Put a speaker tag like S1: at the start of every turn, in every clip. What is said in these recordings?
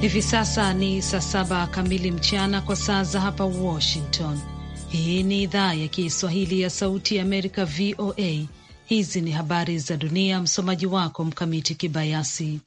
S1: Hivi sasa ni saa saba kamili mchana kwa saa za hapa Washington. Hii ni idhaa ya Kiswahili ya Sauti ya Amerika, VOA. Hizi ni habari za dunia. Msomaji wako Mkamiti Kibayasi.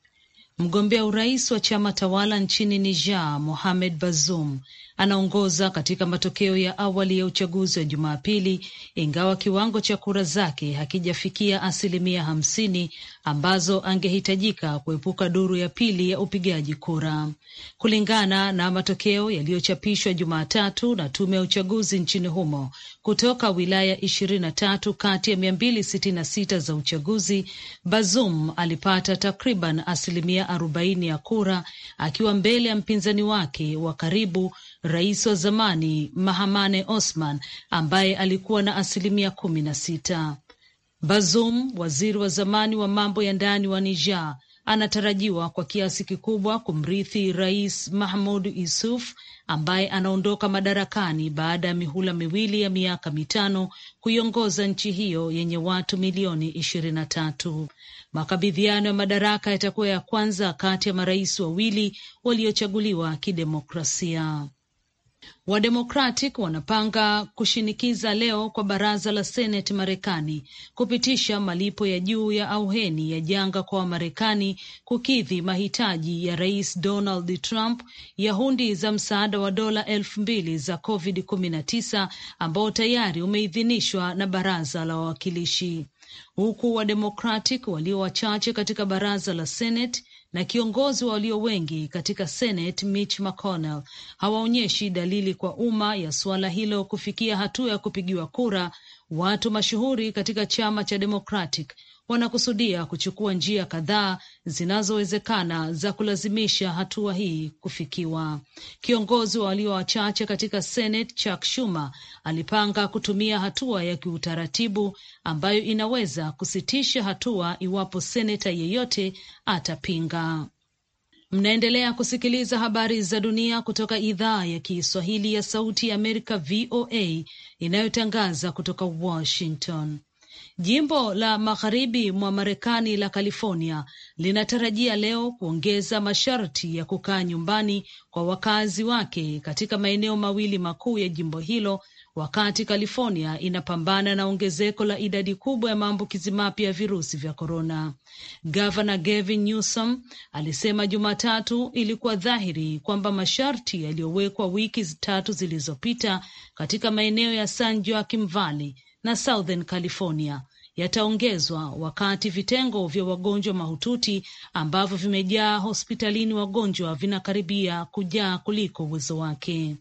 S1: Mgombea urais wa chama tawala nchini Niger, Mohamed Bazoum anaongoza katika matokeo ya awali ya uchaguzi wa Jumapili, ingawa kiwango cha kura zake hakijafikia asilimia hamsini ambazo angehitajika kuepuka duru ya pili ya upigaji kura, kulingana na matokeo yaliyochapishwa Jumatatu na tume ya uchaguzi nchini humo. Kutoka wilaya ishirini na tatu kati ya mia mbili sitini na sita za uchaguzi, bazum alipata takriban asilimia arobaini ya kura akiwa mbele ya mpinzani wake wa karibu rais wa zamani Mahamane Osman ambaye alikuwa na asilimia kumi na sita. Bazoum, waziri wa zamani wa mambo ya ndani wa Niger, anatarajiwa kwa kiasi kikubwa kumrithi rais mahmud Isuf ambaye anaondoka madarakani baada ya mihula miwili ya miaka mitano kuiongoza nchi hiyo yenye watu milioni ishirini na tatu. Makabidhiano ya madaraka yatakuwa ya kwanza kati ya marais wawili waliochaguliwa kidemokrasia. Wademokratic wanapanga kushinikiza leo kwa baraza la seneti Marekani kupitisha malipo ya juu ya auheni ya janga kwa Wamarekani kukidhi mahitaji ya Rais Donald Trump ya hundi za msaada wa dola elfu mbili za COVID kumi na tisa ambao tayari umeidhinishwa na baraza la wawakilishi huku Wademokratic walio wachache katika baraza la seneti na kiongozi wa walio wengi katika Senate Mitch McConnell hawaonyeshi dalili kwa umma ya suala hilo kufikia hatua ya kupigiwa kura. Watu mashuhuri katika chama cha Democratic wanakusudia kuchukua njia kadhaa zinazowezekana za kulazimisha hatua hii kufikiwa. Kiongozi wa walio wachache katika Senate Chuck Schumer alipanga kutumia hatua ya kiutaratibu ambayo inaweza kusitisha hatua iwapo seneta yeyote atapinga. Mnaendelea kusikiliza habari za dunia kutoka idhaa ya Kiswahili ya Sauti ya Amerika, VOA, inayotangaza kutoka Washington. Jimbo la magharibi mwa Marekani la California linatarajia leo kuongeza masharti ya kukaa nyumbani kwa wakazi wake katika maeneo mawili makuu ya jimbo hilo wakati California inapambana na ongezeko la idadi kubwa ya maambukizi mapya ya virusi vya korona. Gavana Gavin Newsom alisema Jumatatu ilikuwa dhahiri kwamba masharti yaliyowekwa wiki tatu zilizopita katika maeneo ya San Joaquin Valley na Southern California yataongezwa wakati vitengo vya wagonjwa mahututi ambavyo vimejaa hospitalini wagonjwa vinakaribia kujaa kuliko uwezo wake.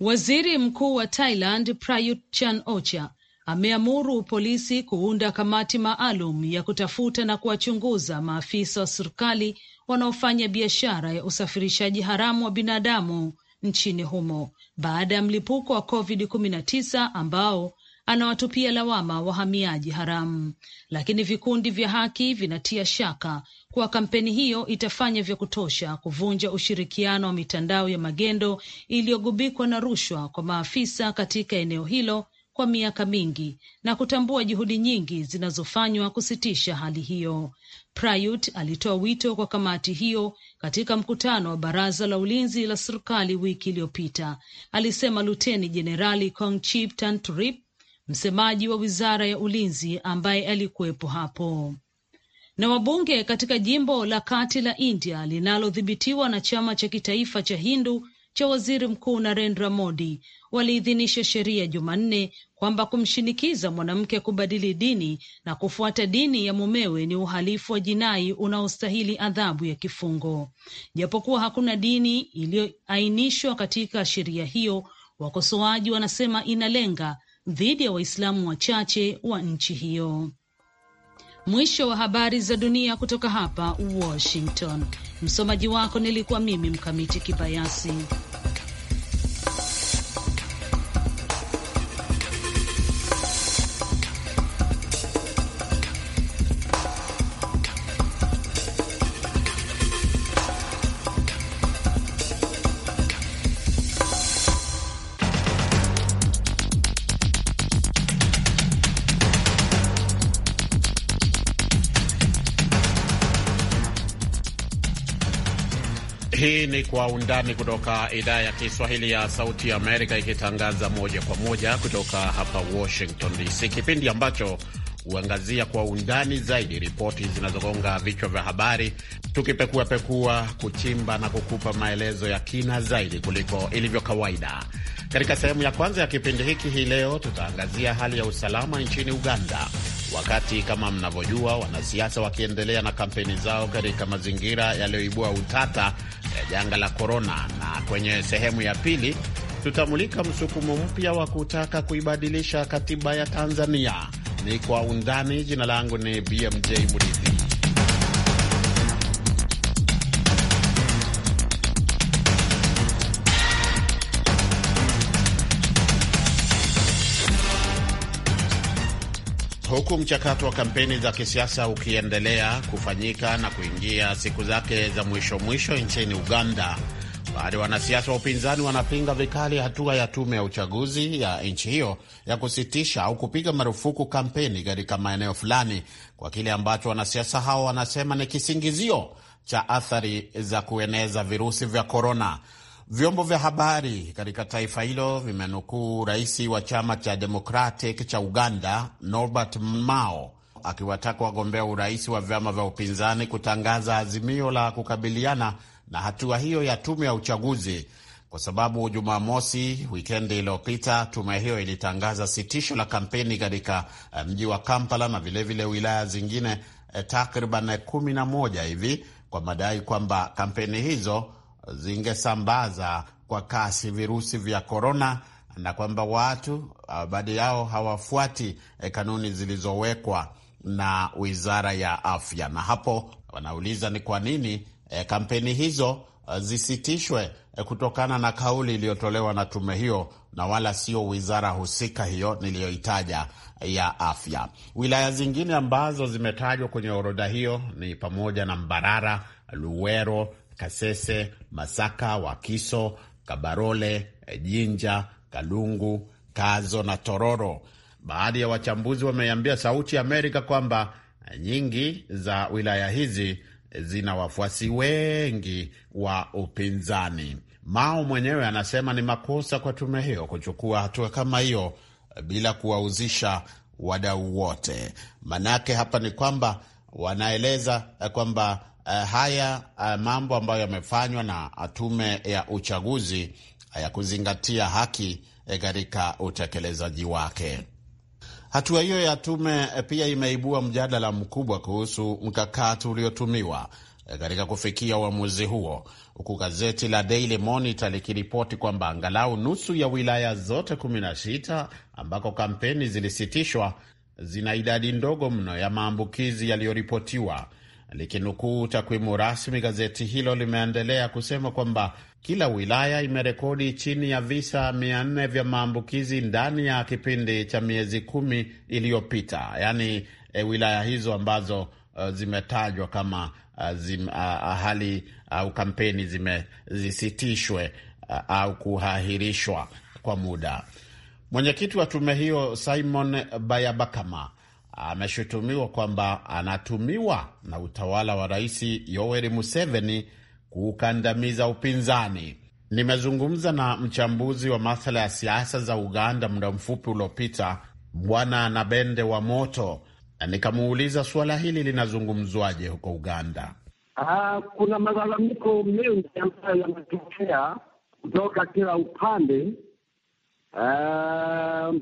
S1: Waziri Mkuu wa Thailand Prayut chan Ocha ameamuru polisi kuunda kamati maalum ya kutafuta na kuwachunguza maafisa wa serikali wanaofanya biashara ya usafirishaji haramu wa binadamu nchini humo baada ya mlipuko wa COVID-19 ambao anawatupia lawama wahamiaji haramu, lakini vikundi vya haki vinatia shaka kuwa kampeni hiyo itafanya vya kutosha kuvunja ushirikiano wa mitandao ya magendo iliyogubikwa na rushwa kwa maafisa katika eneo hilo kwa miaka mingi na kutambua juhudi nyingi zinazofanywa kusitisha hali hiyo. Prayut alitoa wito kwa kamati hiyo katika mkutano wa baraza la ulinzi la serikali wiki iliyopita. Alisema Luteni Jenerali Kongchip Tantrip msemaji wa wizara ya ulinzi ambaye alikuwepo hapo. Na wabunge katika jimbo la kati la India linalodhibitiwa na chama cha kitaifa cha Hindu cha waziri mkuu Narendra Modi waliidhinisha sheria Jumanne kwamba kumshinikiza mwanamke kubadili dini na kufuata dini ya mumewe ni uhalifu wa jinai unaostahili adhabu ya kifungo. Japokuwa hakuna dini iliyoainishwa katika sheria hiyo, wakosoaji wanasema inalenga dhidi ya Waislamu wachache wa nchi hiyo. Mwisho wa habari za dunia kutoka hapa Washington. Msomaji wako nilikuwa mimi Mkamiti Kibayasi.
S2: Kwa Undani kutoka idhaa ya Kiswahili ya Sauti ya Amerika, ikitangaza moja kwa moja kutoka hapa Washington DC, kipindi ambacho huangazia kwa undani zaidi ripoti zinazogonga vichwa vya habari, tukipekuapekua, kuchimba na kukupa maelezo ya kina zaidi kuliko ilivyo kawaida. Katika sehemu ya kwanza ya kipindi hiki hii leo, tutaangazia hali ya usalama nchini Uganda, wakati kama mnavyojua, wanasiasa wakiendelea na kampeni zao katika mazingira yaliyoibua utata Eh, janga la korona, na kwenye sehemu ya pili tutamulika msukumo mpya wa kutaka kuibadilisha katiba ya Tanzania. Ni kwa undani. Jina langu ni BMJ mridhi Huku mchakato wa kampeni za kisiasa ukiendelea kufanyika na kuingia siku zake za mwisho mwisho nchini Uganda, baadhi ya wanasiasa wa upinzani wanapinga vikali hatua ya tume ya uchaguzi ya nchi hiyo ya kusitisha au kupiga marufuku kampeni katika maeneo fulani kwa kile ambacho wanasiasa hao wanasema ni kisingizio cha athari za kueneza virusi vya korona. Vyombo vya habari katika taifa hilo vimenukuu rais wa chama cha Democratic cha Uganda Norbert Mao akiwataka wagombea urais wa vyama vya upinzani kutangaza azimio la kukabiliana na hatua hiyo ya tume ya uchaguzi, kwa sababu Jumamosi wikendi iliyopita tume hiyo ilitangaza sitisho la kampeni katika eh, mji wa Kampala na vilevile vile wilaya zingine eh, takriban kumi na moja hivi kwa madai kwamba kampeni hizo zingesambaza kwa kasi virusi vya korona na kwamba watu ah, baadhi yao hawafuati eh, kanuni zilizowekwa na Wizara ya Afya, na hapo wanauliza ni kwa nini eh, kampeni hizo ah, zisitishwe eh, kutokana na kauli iliyotolewa na tume hiyo na wala sio wizara husika hiyo niliyoitaja ya afya. Wilaya zingine ambazo zimetajwa kwenye orodha hiyo ni pamoja na Mbarara, Luwero, Kasese, Masaka, Wakiso, Kabarole, Jinja, Kalungu, Kazo na Tororo. Baadhi ya wachambuzi wameambia Sauti ya Amerika kwamba nyingi za wilaya hizi zina wafuasi wengi wa upinzani. Mao mwenyewe anasema ni makosa kwa tume hiyo kuchukua hatua kama hiyo bila kuwahusisha wadau wote. Manake hapa ni kwamba wanaeleza kwamba Eh, haya eh, mambo ambayo yamefanywa na eh, tume ya uchaguzi ya kuzingatia haki katika utekelezaji wake. Hatua hiyo ya tume pia imeibua mjadala mkubwa kuhusu mkakati uliotumiwa katika kufikia uamuzi huo, huku gazeti la Daily Monitor likiripoti kwamba angalau nusu ya wilaya zote 16 ambako kampeni zilisitishwa zina idadi ndogo mno ya maambukizi yaliyoripotiwa Likinukuu takwimu rasmi, gazeti hilo limeendelea kusema kwamba kila wilaya imerekodi chini ya visa 400 vya maambukizi ndani ya kipindi cha miezi kumi iliyopita, yaani e, wilaya hizo ambazo uh, zimetajwa kama uh, zim, uh, hali au uh, kampeni zimezisitishwe uh, ah, au kuahirishwa kwa muda. Mwenyekiti wa tume hiyo Simon Bayabakama ameshutumiwa kwamba anatumiwa na utawala wa Rais Yoweri Museveni kuukandamiza upinzani. Nimezungumza na mchambuzi wa masuala ya siasa za Uganda muda mfupi uliopita, Bwana Nabende wa Moto, na nikamuuliza suala hili linazungumzwaje huko Uganda.
S3: Aa, ah, kuna malalamiko mengi ambayo yametokea kutoka kila upande. Ah,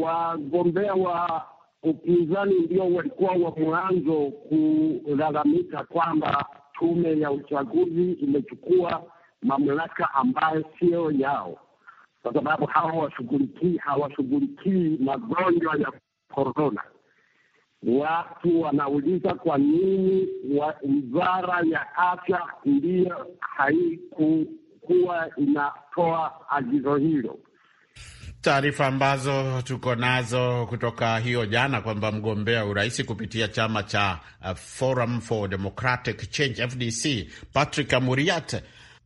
S3: wagombea wa upinzani ndio walikuwa wa mwanzo kulalamika kwamba tume ya uchaguzi imechukua mamlaka ambayo siyo yao, kwa sababu washughulikii
S4: hawashughulikii magonjwa ya korona. Watu
S2: wanauliza kwa nini wizara ya afya ndiyo haikukuwa inatoa agizo hilo. Taarifa ambazo tuko nazo kutoka hiyo jana kwamba mgombea urais kupitia chama cha uh, Forum for Democratic Change FDC Patrick Amuriat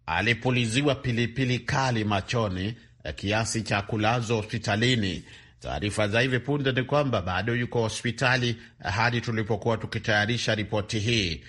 S2: alipuliziwa pilipili kali machoni uh, kiasi cha kulazwa hospitalini. Taarifa za hivi punde ni kwamba bado yuko hospitali uh, hadi tulipokuwa tukitayarisha ripoti hii.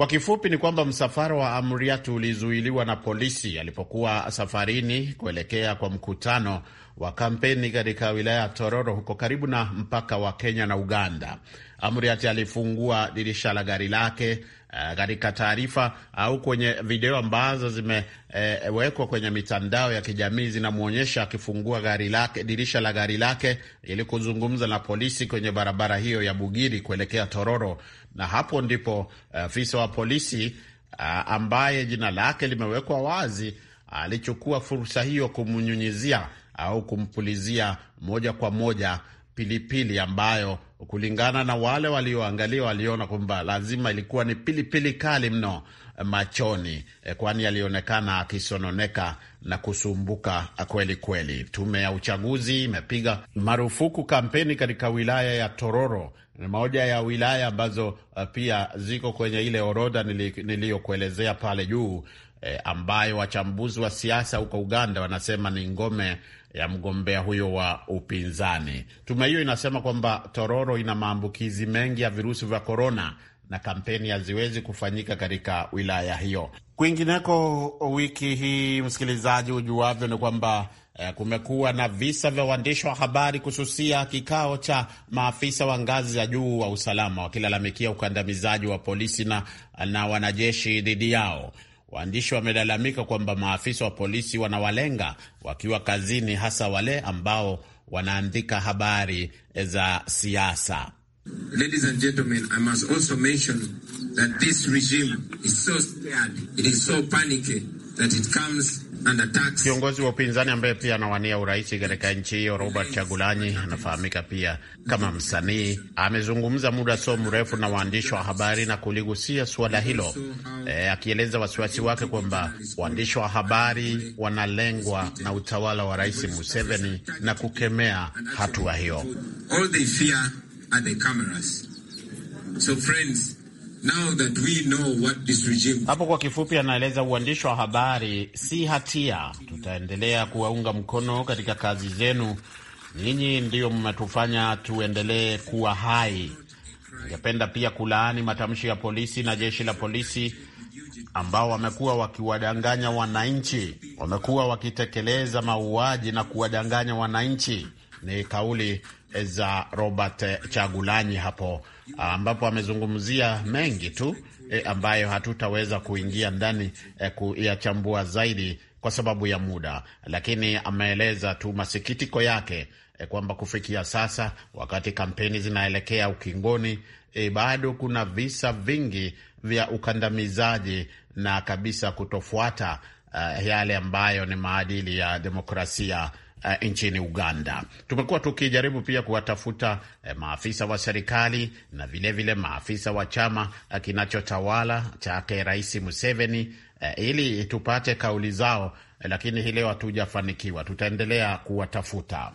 S2: Kwa kifupi ni kwamba msafara wa amriat ulizuiliwa na polisi alipokuwa safarini kuelekea kwa mkutano wa kampeni katika wilaya ya Tororo huko karibu na mpaka wa Kenya na Uganda. amriat alifungua dirisha la gari lake eh, katika taarifa au kwenye video ambazo zimewekwa e, kwenye mitandao ya kijamii zinamwonyesha akifungua gari lake, dirisha la gari lake ili kuzungumza na polisi kwenye barabara hiyo ya Bugiri kuelekea Tororo na hapo ndipo eh, afisa uh, wa polisi uh, ambaye jina lake limewekwa wazi alichukua uh, fursa hiyo kumnyunyizia au kumpulizia moja kwa moja pilipili ambayo kulingana na wale walioangalia waliona kwamba lazima ilikuwa ni pilipili kali mno eh, machoni, kwani alionekana akisononeka na kusumbuka kweli kweli. Tume ya uchaguzi imepiga marufuku kampeni katika wilaya ya Tororo ni moja ya wilaya ambazo uh, pia ziko kwenye ile orodha niliyokuelezea pale juu e, ambayo wachambuzi wa siasa huko Uganda wanasema ni ngome ya mgombea huyo wa upinzani. Tume hiyo inasema kwamba Tororo ina maambukizi mengi ya virusi vya korona na kampeni haziwezi kufanyika katika wilaya hiyo. Kwingineko wiki hii, msikilizaji, ujuavyo ni kwamba Eh, kumekuwa na visa vya waandishi wa habari kususia kikao cha maafisa wa ngazi za juu wa usalama wakilalamikia ukandamizaji wa polisi na, na wanajeshi dhidi yao. Waandishi wamelalamika kwamba maafisa wa polisi wanawalenga wakiwa kazini, hasa wale ambao wanaandika habari za siasa. So Kiongozi wa upinzani ambaye pia anawania urais katika nchi hiyo Robert Chagulanyi anafahamika pia kama msanii, amezungumza muda so mrefu na waandishi wa habari na kuligusia suala hilo e, akieleza wasiwasi wake kwamba waandishi wa habari wanalengwa na utawala wa Rais Museveni na kukemea hatua hiyo. So friends, Now that we know what this regime... Hapo kwa kifupi anaeleza uandishi wa habari, si hatia. Tutaendelea kuwaunga mkono katika kazi zenu, nyinyi ndiyo mmetufanya tuendelee kuwa hai. Ningependa pia kulaani matamshi ya polisi na jeshi la polisi ambao wamekuwa wakiwadanganya wananchi, wamekuwa wakitekeleza mauaji na kuwadanganya wananchi. Ni kauli za Robert Chagulanyi hapo, ah, ambapo amezungumzia mengi tu e, ambayo hatutaweza kuingia ndani e, kuyachambua zaidi kwa sababu ya muda, lakini ameeleza tu masikitiko yake e, kwamba kufikia sasa wakati kampeni zinaelekea ukingoni e, bado kuna visa vingi vya ukandamizaji na kabisa kutofuata uh, yale ambayo ni maadili ya demokrasia uh, nchini Uganda. Tumekuwa tukijaribu pia kuwatafuta uh, maafisa wa serikali na vilevile vile maafisa wa chama uh, kinachotawala chake Rais Museveni uh, ili tupate kauli zao uh, lakini hii leo hatujafanikiwa. Tutaendelea kuwatafuta.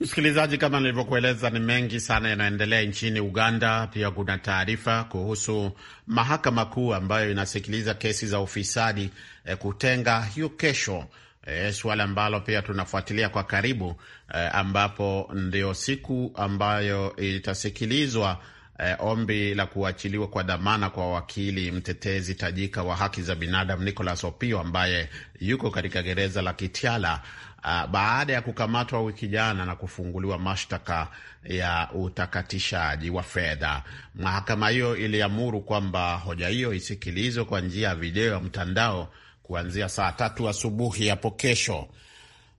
S2: Msikilizaji, kama nilivyokueleza, ni mengi sana yanaendelea nchini Uganda. Pia kuna taarifa kuhusu mahakama kuu ambayo inasikiliza kesi za ufisadi eh, kutenga hiyo kesho e, suala ambalo pia tunafuatilia kwa karibu e, ambapo ndio siku ambayo itasikilizwa e, ombi la kuachiliwa kwa dhamana kwa wakili mtetezi tajika wa haki za binadamu nicolas Opio ambaye yuko katika gereza la Kitiala a, baada ya kukamatwa wiki jana na kufunguliwa mashtaka ya utakatishaji wa fedha. Mahakama hiyo iliamuru kwamba hoja hiyo isikilizwe kwa njia ya video ya mtandao kuanzia saa tatu asubuhi hapo kesho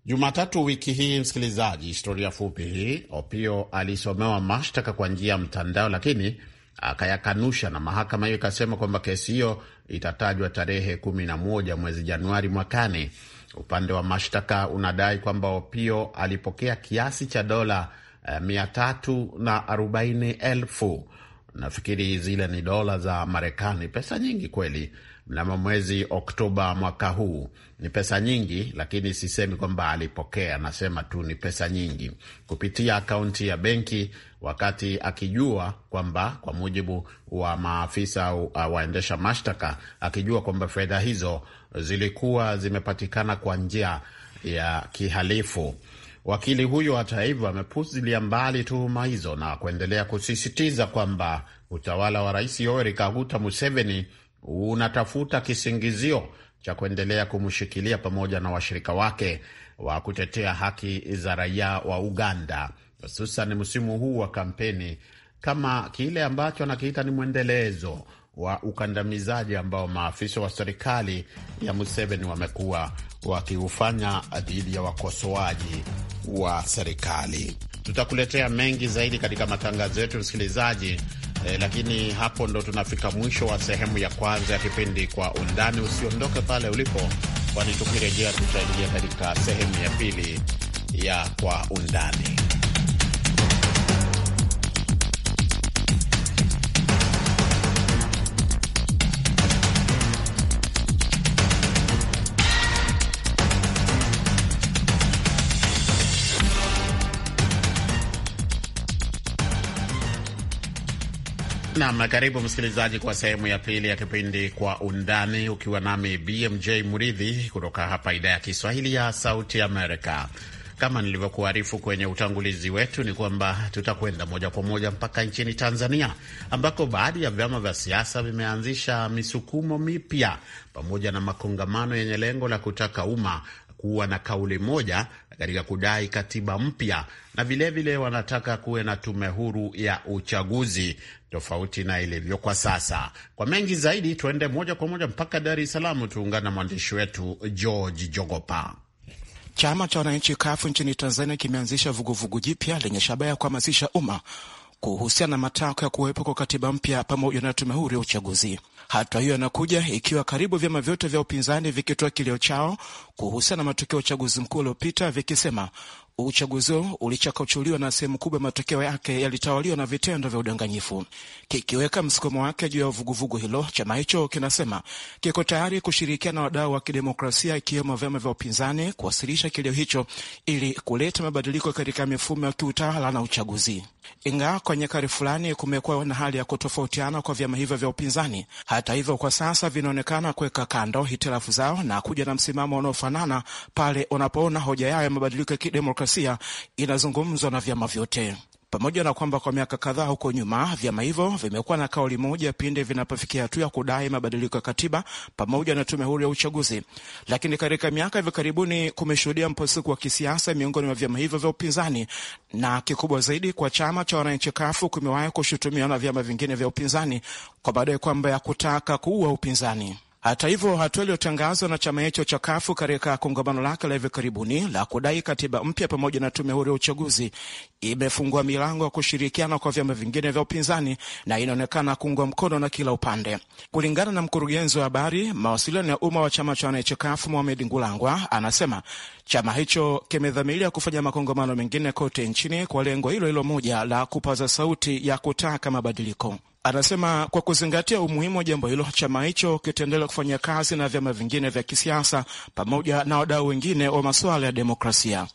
S2: Jumatatu wiki hii. Msikilizaji, historia fupi hii. Opio alisomewa mashtaka kwa njia ya mtandao, lakini akayakanusha na mahakama hiyo ikasema kwamba kesi hiyo itatajwa tarehe kumi na moja mwezi Januari mwakani. Upande wa mashtaka unadai kwamba Opio alipokea kiasi cha dola eh, mia tatu na arobaini elfu nafikiri zile ni dola za Marekani, pesa nyingi kweli mnamo mwezi Oktoba mwaka huu. Ni pesa nyingi, lakini sisemi kwamba alipokea, nasema tu ni pesa nyingi kupitia akaunti ya benki, wakati akijua kwamba, kwa mujibu wa maafisa waendesha mashtaka, akijua kwamba fedha hizo zilikuwa zimepatikana kwa njia ya kihalifu. Wakili huyo hata hivyo amepuzilia mbali tuhuma hizo na kuendelea kusisitiza kwamba utawala wa Rais Yoweri Kaguta Museveni unatafuta kisingizio cha kuendelea kumshikilia pamoja na washirika wake wa kutetea haki za raia wa Uganda, hususan msimu huu wa kampeni, kama kile ambacho anakiita ni mwendelezo wa ukandamizaji ambao maafisa wa serikali ya Museveni wamekuwa wakiufanya dhidi ya wakosoaji wa serikali. Tutakuletea mengi zaidi katika matangazo yetu, msikilizaji eh, lakini hapo ndo tunafika mwisho wa sehemu ya kwanza ya kipindi Kwa Undani. Usiondoke pale ulipo, kwani tukirejea tutaingia katika sehemu ya pili ya Kwa Undani. Nam, karibu msikilizaji kwa sehemu ya pili ya kipindi Kwa Undani, ukiwa nami BMJ Muridhi kutoka hapa idhaa ya Kiswahili ya Sauti Amerika. Kama nilivyokuarifu kwenye utangulizi wetu, ni kwamba tutakwenda moja kwa moja mpaka nchini Tanzania, ambako baadhi ya vyama vya siasa vimeanzisha misukumo mipya pamoja na makongamano yenye lengo la kutaka umma kuwa na kauli moja katika kudai katiba mpya na vilevile vile wanataka kuwe na tume huru ya uchaguzi tofauti na ilivyo kwa sasa. Kwa mengi zaidi, tuende moja kwa moja mpaka Dar es Salaam, tuungane na mwandishi wetu George Jogopa. Chama cha wananchi kafu nchini Tanzania
S5: kimeanzisha vuguvugu jipya lenye shabaha ya kuhamasisha umma kuhusiana na matakwa ya kuwepo kwa katiba mpya pamoja na tume huru ya uchaguzi. Hatua hiyo inakuja ikiwa karibu vyama vyote vya upinzani vikitoa kilio chao kuhusiana na matokeo ya uchaguzi mkuu uliopita, vikisema Uchaguzi huo ulichakachuliwa na sehemu kubwa ya matokeo yake yalitawaliwa na vitendo vya udanganyifu, kikiweka msukumo wake juu ya vuguvugu hilo. Chama hicho kinasema kiko tayari kushirikiana na wadau wa kidemokrasia, ikiwemo vyama vya upinzani, kuwasilisha kilio hicho ili kuleta mabadiliko katika mifumo ya kiutawala na uchaguzi. Ingawa kwa nyakati fulani kumekuwa na hali ya kutofautiana kwa vyama hivyo vya upinzani, hata hivyo, kwa sasa vinaonekana kuweka kando hitilafu zao na kuja na msimamo unaofanana pale unapoona hoja yao ya mabadiliko ya kidemokrasia demokrasia inazungumzwa na vyama vyote pamoja na kwamba kwa miaka kadhaa huko nyuma vyama hivyo vimekuwa na kauli moja pindi vinapofikia hatua ya kudai mabadiliko ya katiba pamoja na tume huru ya uchaguzi. Lakini katika miaka hivi karibuni kumeshuhudia mpasuko wa kisiasa miongoni mwa vyama hivyo vya upinzani, na kikubwa zaidi kwa chama cha wananchi Kafu kumewahi kushutumiwa na vyama vingine vya upinzani kwa madai kwamba ya kutaka kuua upinzani. Hata hivyo, hatua iliyotangazwa na chama hicho cha Kafu katika kongamano lake la hivi karibuni la kudai katiba mpya pamoja na tume huru ya uchaguzi imefungua milango ya kushirikiana kwa vyama vingine vya upinzani na inaonekana kuungwa mkono na kila upande. Kulingana na mkurugenzi wa habari, mawasiliano ya umma wa chama cha wananchi Kafu, Mohamed Ngulangwa, anasema chama hicho kimedhamiria kufanya makongamano mengine kote nchini kwa lengo hilo hilo moja la kupaza sauti ya kutaka mabadiliko. Anasema kwa kuzingatia umuhimu wa jambo hilo, chama hicho kitaendelea kufanya kazi na vyama vingine vya kisiasa pamoja na wadau wengine wa masuala ya demokrasia.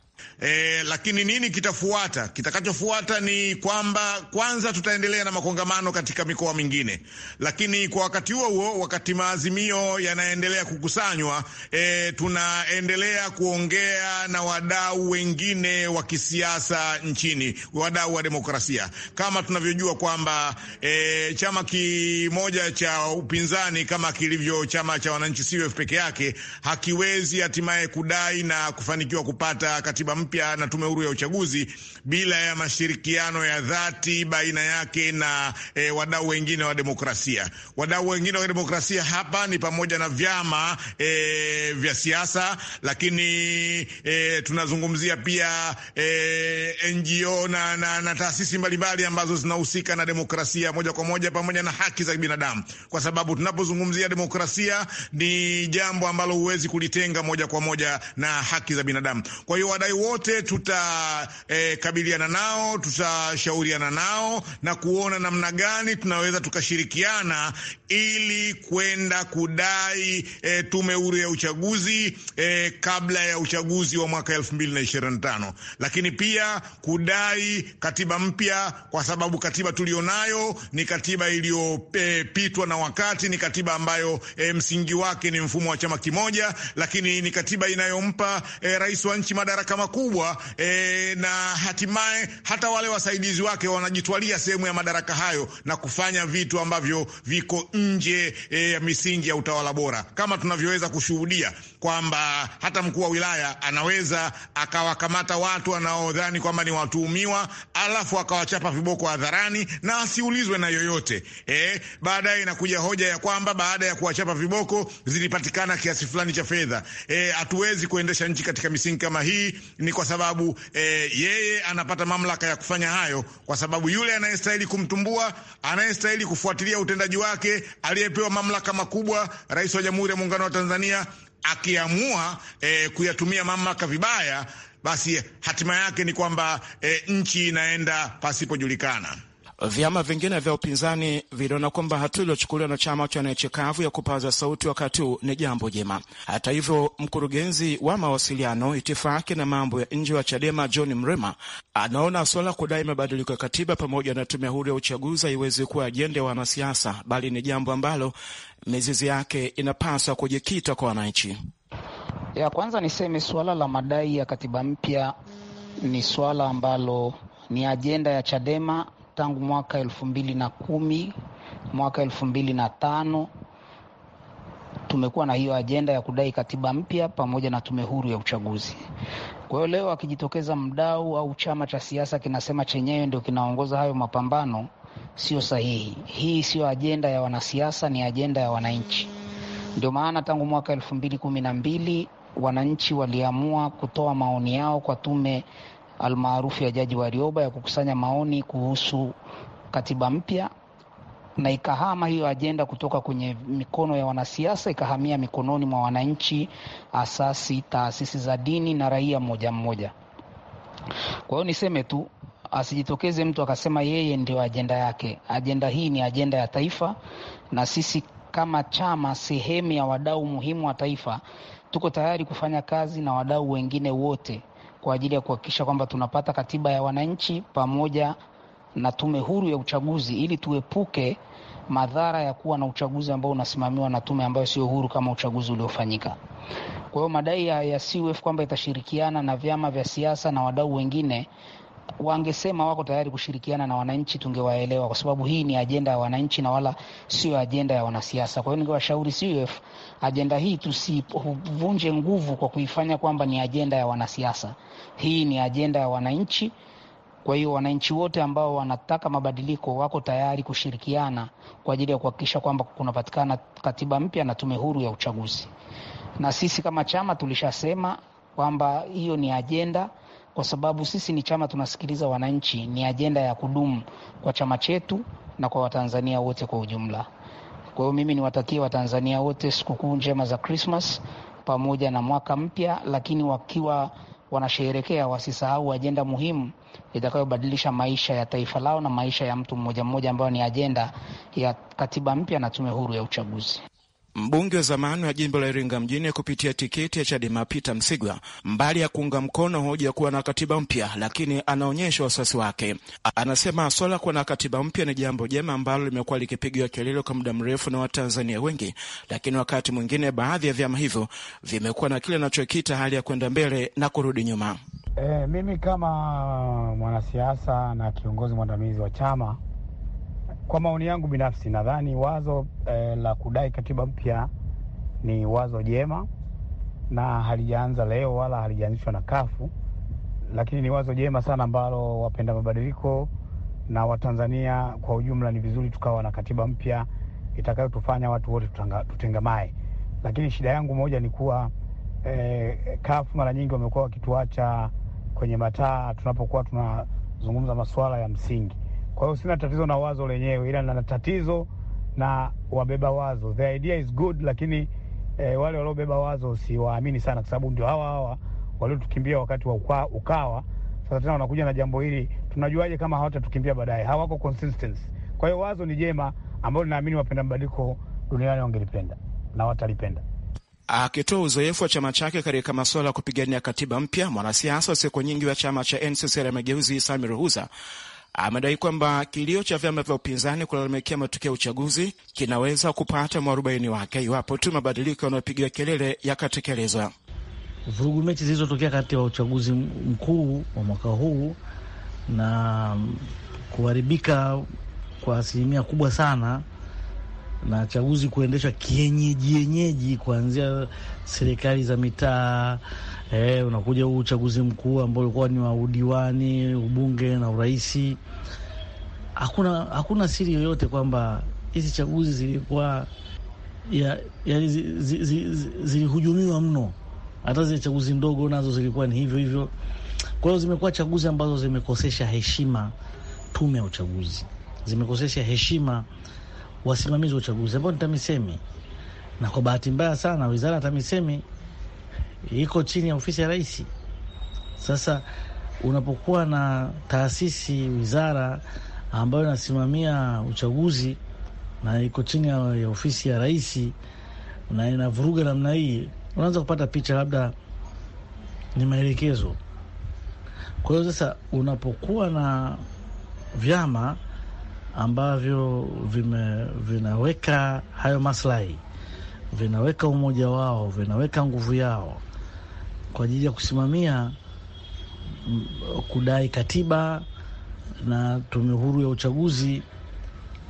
S6: E, lakini nini kitafuata? Kitakachofuata ni kwamba kwanza tutaendelea na makongamano katika mikoa mingine, lakini kwa wakati huo huo, wakati maazimio yanaendelea kukusanywa, e, tunaendelea kuongea na wadau wengine wa kisiasa nchini, wadau wa demokrasia. Kama tunavyojua kwamba e, chama kimoja cha upinzani kama kilivyo chama cha wananchi CUF peke yake hakiwezi hatimaye kudai na kufanikiwa kupata katiba mpya na tume huru ya uchaguzi bila ya mashirikiano ya dhati baina yake na e, wadau wengine wa demokrasia. Wadau wengine wa demokrasia hapa ni pamoja na vyama e, vya siasa, lakini e, tunazungumzia pia e, NGO na, na, na taasisi mbalimbali ambazo zinahusika na demokrasia moja kwa moja pamoja na haki za binadamu, kwa sababu tunapozungumzia demokrasia ni jambo ambalo huwezi kulitenga moja kwa moja na haki za binadamu. Kwa hiyo wadai wote tuta e, tutakabiliana nao, tutashauriana nao na kuona namna gani tunaweza tukashirikiana ili kwenda kudai e, tume huru ya uchaguzi e, kabla ya uchaguzi wa mwaka elfu mbili na ishirini na tano, lakini pia kudai katiba mpya, kwa sababu katiba tuliyonayo ni katiba iliyopitwa e, na wakati. Ni katiba ambayo e, msingi wake ni mfumo wa chama kimoja, lakini ni katiba inayompa e, rais wa nchi madaraka makubwa e, na hati hatimaye hata wale wasaidizi wake wanajitwalia sehemu ya madaraka hayo na kufanya vitu ambavyo viko nje e, ya misingi ya utawala bora, kama tunavyoweza kushuhudia kwamba hata mkuu wa wilaya anaweza akawakamata watu wanaodhani kwamba ni watuhumiwa, alafu akawachapa viboko hadharani na asiulizwe na yoyote e. Baadaye inakuja hoja ya kwamba baada ya kuwachapa viboko zilipatikana kiasi fulani cha fedha. Eh, hatuwezi e, kuendesha nchi katika misingi kama hii, ni kwa sababu e, yeye anapata mamlaka ya kufanya hayo, kwa sababu yule anayestahili kumtumbua, anayestahili kufuatilia utendaji wake, aliyepewa mamlaka makubwa, Rais wa Jamhuri ya Muungano wa Tanzania, akiamua eh, kuyatumia mamlaka vibaya, basi hatima yake ni kwamba eh, nchi inaenda pasipojulikana.
S5: Vyama vingine vya upinzani viliona kwamba hatua iliyochukuliwa na chama cha wananchi kavu ya kupaza sauti wakati huu ni jambo jema. Hata hivyo, mkurugenzi wa mawasiliano, itifaki na mambo ya nje wa Chadema John Mrema anaona swala kudai mabadiliko ya katiba pamoja na tume huru ya uchaguzi haiwezi kuwa ajenda ya wanasiasa, bali ni jambo ambalo mizizi yake inapaswa kujikita kwa wananchi.
S7: Ya kwanza niseme suala la madai ya katiba mpya ni swala ambalo ni ajenda ya Chadema tangu mwaka elfu mbili na kumi mwaka elfu mbili na tano tumekuwa na hiyo ajenda ya kudai katiba mpya pamoja na tume huru ya uchaguzi. Kwa hiyo leo akijitokeza mdau au chama cha siasa kinasema chenyewe ndio kinaongoza hayo mapambano, sio sahihi. Hii siyo ajenda ya wanasiasa, ni ajenda ya wananchi. Ndio maana tangu mwaka elfu mbili kumi na mbili wananchi waliamua kutoa maoni yao kwa tume almaarufu ya Jaji Warioba ya kukusanya maoni kuhusu katiba mpya na ikahama hiyo ajenda kutoka kwenye mikono ya wanasiasa ikahamia mikononi mwa wananchi, asasi, taasisi za dini na raia mmoja mmoja. Kwa hiyo niseme tu, asijitokeze mtu akasema yeye ndio ajenda yake. Ajenda hii ni ajenda ya taifa, na sisi kama chama, sehemu ya wadau muhimu wa taifa, tuko tayari kufanya kazi na wadau wengine wote kwa ajili ya kuhakikisha kwamba tunapata katiba ya wananchi pamoja na tume huru ya uchaguzi ili tuepuke madhara ya kuwa na uchaguzi ambao unasimamiwa na tume ambayo sio huru kama uchaguzi uliofanyika. Kwa hiyo madai ya, ya CUF kwamba itashirikiana na vyama vya siasa na wadau wengine wangesema wako tayari kushirikiana na wananchi, tungewaelewa, kwa sababu hii ni ajenda ya wananchi na wala sio ajenda ya wanasiasa. Kwa hiyo ningewashauri CUF, ajenda hii tusivunje nguvu kwa kuifanya kwamba ni ajenda ya wanasiasa. Hii ni ajenda ya wananchi. Kwa hiyo wananchi wote ambao wanataka mabadiliko wako tayari kushirikiana kwa ajili ya kuhakikisha kwamba kunapatikana katiba mpya na tume huru ya uchaguzi. Na sisi kama chama tulishasema kwamba hiyo ni ajenda kwa sababu sisi ni chama tunasikiliza wananchi. Ni ajenda ya kudumu kwa chama chetu na kwa Watanzania wote kwa ujumla. Kwa hiyo mimi niwatakie Watanzania wote sikukuu njema za Krismas pamoja na mwaka mpya, lakini wakiwa wanasheherekea wasisahau ajenda muhimu itakayobadilisha maisha ya taifa lao na maisha ya mtu mmoja mmoja, ambayo ni ajenda ya katiba mpya na tume huru ya uchaguzi.
S5: Mbunge wa zamani wa jimbo la Iringa mjini kupitia tiketi ya Chadema Peter Msigwa, mbali ya kuunga mkono hoja ya kuwa na katiba mpya, lakini anaonyesha wasiwasi wake. Anasema swala kuwa na katiba mpya ni jambo jema ambalo limekuwa likipigiwa kelele kwa muda mrefu na Watanzania wengi, lakini wakati mwingine baadhi ya vyama hivyo vimekuwa na kile anachokita hali ya kwenda mbele na kurudi nyuma.
S4: E, mimi kama mwanasiasa na kiongozi mwandamizi wa chama kwa maoni yangu binafsi, nadhani wazo eh, la kudai katiba mpya ni wazo jema na halijaanza leo wala halijaanzishwa na kafu, lakini ni wazo jema sana ambalo wapenda mabadiliko na Watanzania kwa ujumla, ni vizuri tukawa na katiba mpya itakayotufanya watu wote tutengamae. Lakini shida yangu moja ni kuwa eh, kafu mara nyingi wamekuwa wakituacha kwenye mataa tunapokuwa tunazungumza masuala ya msingi. Kwa hiyo sina tatizo na wazo lenyewe, ila nina tatizo na wabeba wazo. The idea is good, lakini e, wale waliobeba wazo siwaamini sana, kwa sababu ndio hawa hawa waliotukimbia wakati wa ukawa, ukawa. Sasa tena wanakuja na jambo hili, tunajuaje kama hawatatukimbia baadaye? Hawako consistent. Kwa hiyo wazo ni jema ambalo ninaamini wapenda mabadiliko duniani wangelipenda na watalipenda.
S5: Akitoa uzoefu wa chama chake katika masuala ya kupigania katiba mpya, mwanasiasa wa siku nyingi wa chama cha NCCR Mageuzi, Samir Huza amedai kwamba kilio cha vyama vya upinzani kulalamikia matokeo ya uchaguzi kinaweza kupata mwarobaini wake iwapo tu mabadiliko yanayopigiwa kelele yakatekelezwa.
S3: Vurugu mechi zilizotokea kati ya uchaguzi mkuu wa mwaka huu na kuharibika kwa asilimia kubwa sana na chaguzi kuendeshwa kienyeji yenyeji, kuanzia serikali za mitaa eh, unakuja huu uchaguzi mkuu ambao ulikuwa ni wa udiwani, ubunge na urahisi Hakuna, hakuna siri yoyote kwamba hizi chaguzi zilikuwa ya, ya zilihujumiwa mno. Hata zile chaguzi ndogo nazo zilikuwa ni hivyo hivyo. Kwa hiyo zimekuwa chaguzi ambazo zimekosesha heshima tume ya uchaguzi, zimekosesha heshima wasimamizi wa uchaguzi ambao ni TAMISEMI, na kwa bahati mbaya sana wizara ya TAMISEMI iko chini ya ofisi ya rais. Sasa unapokuwa na taasisi wizara ambayo inasimamia uchaguzi na iko chini ya ofisi ya rais na inavuruga namna hii, unaanza kupata picha labda ni maelekezo. Kwa hiyo sasa unapokuwa na vyama ambavyo vime, vinaweka hayo maslahi, vinaweka umoja wao, vinaweka nguvu yao kwa ajili ya kusimamia kudai katiba na tume huru ya uchaguzi,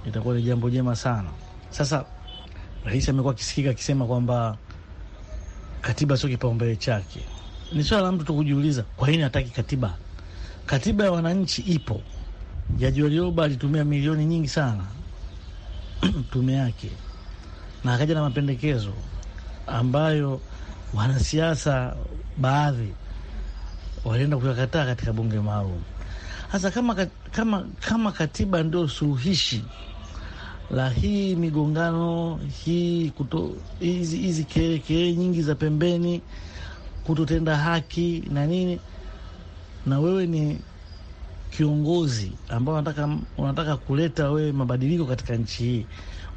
S3: itakuwa ni jambo jema sana. Sasa rais amekuwa akisikika akisema kwamba katiba sio kipaumbele chake. Ni swala la mtu tu kujiuliza, kwa nini hataki katiba? Katiba ya wananchi ipo Jaji Warioba alitumia milioni nyingi sana tume yake, na akaja na mapendekezo ambayo wanasiasa baadhi walienda kuyakataa katika bunge maalum. Sasa kama, kama, kama katiba ndio suluhishi la hii migongano hii hizi kerekere nyingi za pembeni, kutotenda haki na nini, na wewe ni kiongozi ambao wanataka, wanataka kuleta wewe mabadiliko katika nchi hii,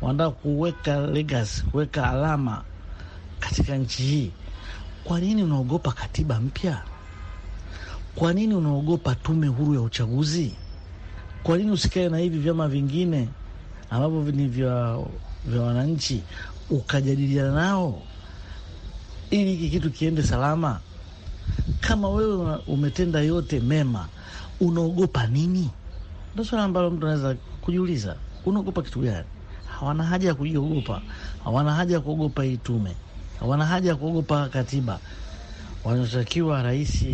S3: wanataka kuweka legacy, kuweka alama katika nchi hii, kwa nini unaogopa katiba mpya? Kwa nini unaogopa tume huru ya uchaguzi? Kwa nini usikae na hivi vyama vingine ambavyo ni vya, vya wananchi ukajadiliana nao ili hiki kitu kiende salama? Kama wewe umetenda yote mema, unaogopa nini? Ndo swala ambalo mtu anaweza kujiuliza, unaogopa kitu gani? Hawana haja ya kujiogopa, hawana haja ya kuogopa hii tume, hawana haja ya kuogopa katiba. Wanaotakiwa rais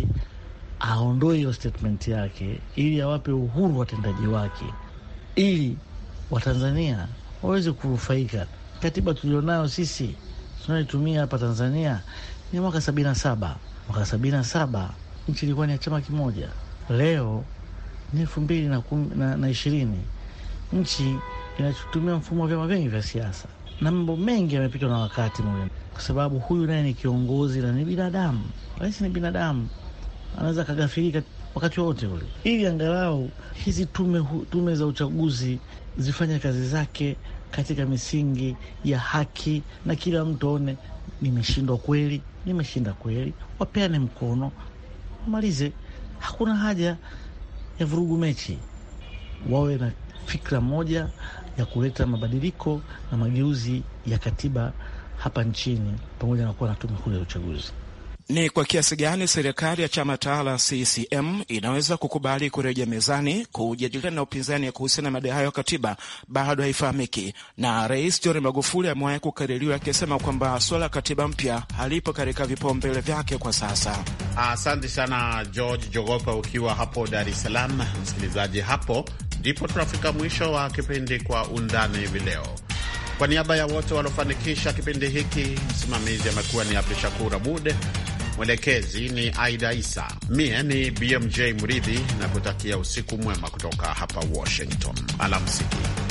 S3: aondoe hiyo statement yake ili awape uhuru watendaji wake ili Watanzania waweze kunufaika. Katiba tulionayo sisi tunaitumia hapa Tanzania ni mwaka sabini na saba. Mwaka sabini na saba nchi ilikuwa ni ya chama kimoja leo ni elfu mbili na, na, na ishirini, nchi inatumia mfumo wa vyama vingi vya siasa na mambo mengi yamepitwa na wakati mule, kwa sababu huyu naye ni kiongozi na ni binadamu. Rais ni binadamu, anaweza akagafirika wakati wowote ule, ili angalau hizi tume, tume za uchaguzi zifanye kazi zake katika misingi ya haki, na kila mtu aone nimeshindwa kweli, nimeshinda kweli, wapeane mkono wamalize hakuna haja ya vurugu mechi, wawe na fikra moja ya kuleta mabadiliko na mageuzi ya katiba hapa nchini, pamoja na kuwa na tume huru ya uchaguzi.
S5: Ni kwa kiasi gani serikali ya chama tawala CCM inaweza kukubali kurejea mezani kujadiliana na upinzani kuhusiana na madai hayo ya katiba bado haifahamiki, na Rais John Magufuli amewahi kukaririwa akisema kwamba suala la katiba mpya halipo katika vipaumbele vyake kwa sasa.
S2: Asante sana George Jogopa, ukiwa hapo Dar es Salaam. Msikilizaji, hapo ndipo tunafika mwisho wa kipindi Kwa Undani hivi leo. Kwa niaba ya wote waliofanikisha kipindi hiki, msimamizi amekuwa ni Abdu Shakur Abude. Mwelekezi ni Aida Isa, mie ni BMJ Mridhi na kutakia usiku mwema kutoka hapa Washington. Alamsiki.